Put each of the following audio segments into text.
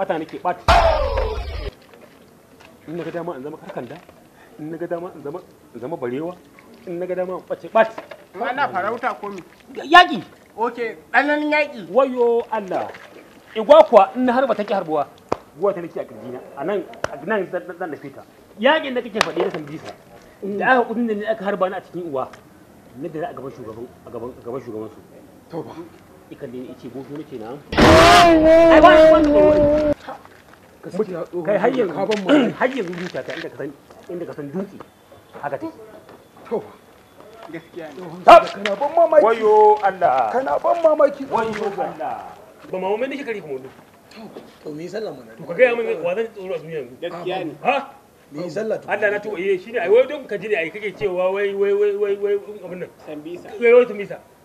bata nake bata in naga dama in zama karkanda in naga dama in zama in zama barewa in naga dama in bace bat ana farauta ko mi yaki oke ɗanan yaki wayo Allah igwa kuwa in har ba take harbuwa guwa ta nake a kirjina anan nan a nan zan da fita yakin da kake faɗi na san bisa da aka kudin da ne aka harba ni a cikin uwa na da a gaban shugaban a gaban shugaban su to ba ikan da ni ta inda ka san duki kana ban mamaki wayo Allah mana a ha Allah na cewa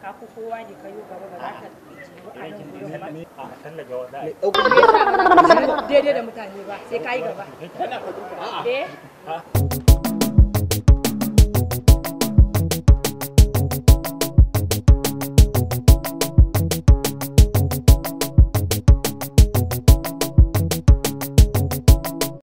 ka fi kowa ne ka yi gaba ba za ka ba daidai da mutane ba sai ka yi gaba.